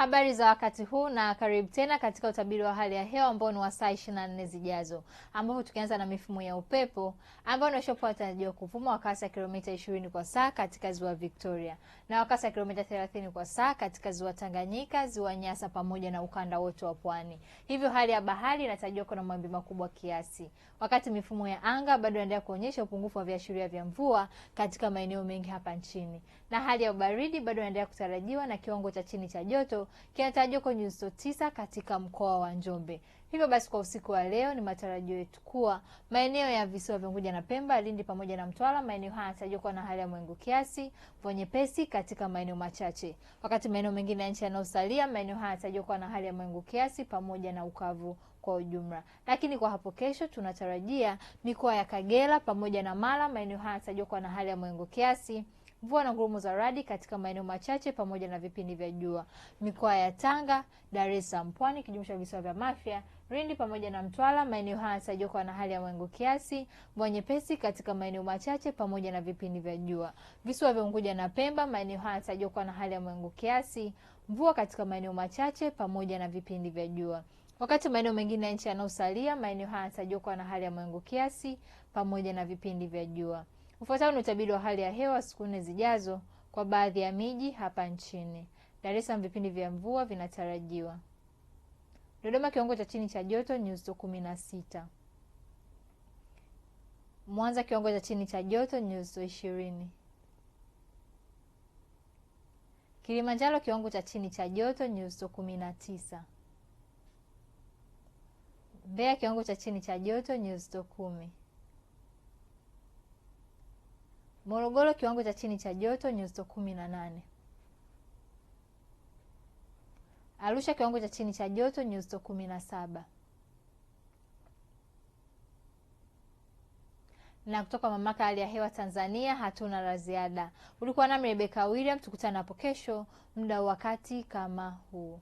Habari za wakati huu na karibu tena katika utabiri wa hali ya hewa ambao ni wa saa 24 zijazo, ambapo tukianza na mifumo ya upepo ambayo inaonyesha inatarajiwa kuvuma kwa kasi ya kilomita 20 kwa saa katika ziwa Victoria na kwa kasi ya kilomita 30 kwa saa katika ziwa Tanganyika, ziwa Nyasa pamoja na ukanda wote wa pwani. Hivyo hali ya bahari inatarajiwa kuwa na mawimbi makubwa kiasi, wakati mifumo ya anga bado inaendelea kuonyesha upungufu wa viashiria vya mvua katika maeneo mengi hapa nchini, na hali ya ubaridi bado inaendelea kutarajiwa na kiwango cha chini cha joto kinatarajiwa kwenye nyuzijoto tisa katika mkoa wa Njombe. Hivyo basi kwa usiku wa leo ni matarajio yetu kuwa maeneo ya visiwa vya Unguja na Pemba, Lindi pamoja na Mtwara, maeneo haya yanatarajiwa kuwa na hali ya mawingu kiasi, mvua nyepesi katika maeneo machache, wakati maeneo mengine ya nchi yanayosalia, maeneo haya yanatarajiwa kuwa na hali ya mawingu kiasi pamoja na ukavu kwa ujumla. Lakini kwa hapo kesho tunatarajia mikoa ya Kagera pamoja na Mara, maeneo haya yanatarajiwa kuwa na hali ya mawingu kiasi mvua na ngurumo za radi katika maeneo machache pamoja na vipindi vya jua. Mikoa ya Tanga, Dar es Salaam, Pwani kijumuisha visiwa vya mafya rindi pamoja na mtwala Maeneo haya yatarajiwa kuwa na hali ya mawingu kiasi, mvua nyepesi katika maeneo machache pamoja na vipindi vya jua. Visiwa vya Unguja na Pemba, maeneo haya yatarajiwa kuwa na hali ya mawingu kiasi, mvua katika maeneo machache pamoja na vipindi vya jua. Wakati maeneo mengine ya nchi yanaosalia, maeneo haya yatarajiwa kuwa na hali ya mawingu kiasi pamoja na vipindi vya jua. Ufuatao ni utabiri wa hali ya hewa siku nne zijazo kwa baadhi ya miji hapa nchini. Dar es Salaam vipindi vya mvua vinatarajiwa. Dodoma kiwango cha chini cha joto nyuzi kumi na sita. Mwanza kiwango cha chini cha joto nyuzi ishirini. Kilimanjaro kiwango cha chini cha joto nyuzi kumi na tisa. mbea kiwango cha chini cha joto nyuzi kumi. Morogoro kiwango cha chini cha joto nyuzijoto kumi na nane. Arusha kiwango cha chini cha joto nyuzijoto kumi na saba. Na kutoka mamlaka ya hali ya hewa Tanzania hatuna la ziada. Ulikuwa nami Rebecca William, tukutane hapo kesho muda wakati kama huu.